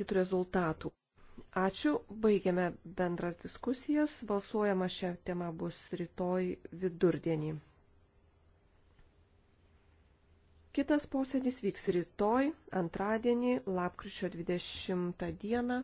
nustatytų rezultatų. Ačiū, baigiame bendras diskusijas, balsuojama šią temą bus rytoj vidurdienį. Kitas posėdis vyks rytoj, antradienį, lapkričio 20 dieną.